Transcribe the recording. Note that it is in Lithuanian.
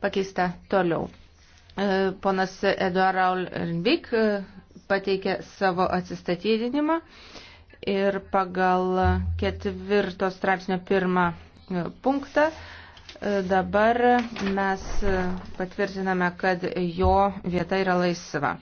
pakeista toliau. E, ponas Eduard Raul Rinvik e, pateikė savo atsistatydinimą ir pagal ketvirto straipsnio pirmą e, punktą dabar mes patvirtiname, kad jo vieta yra laisva.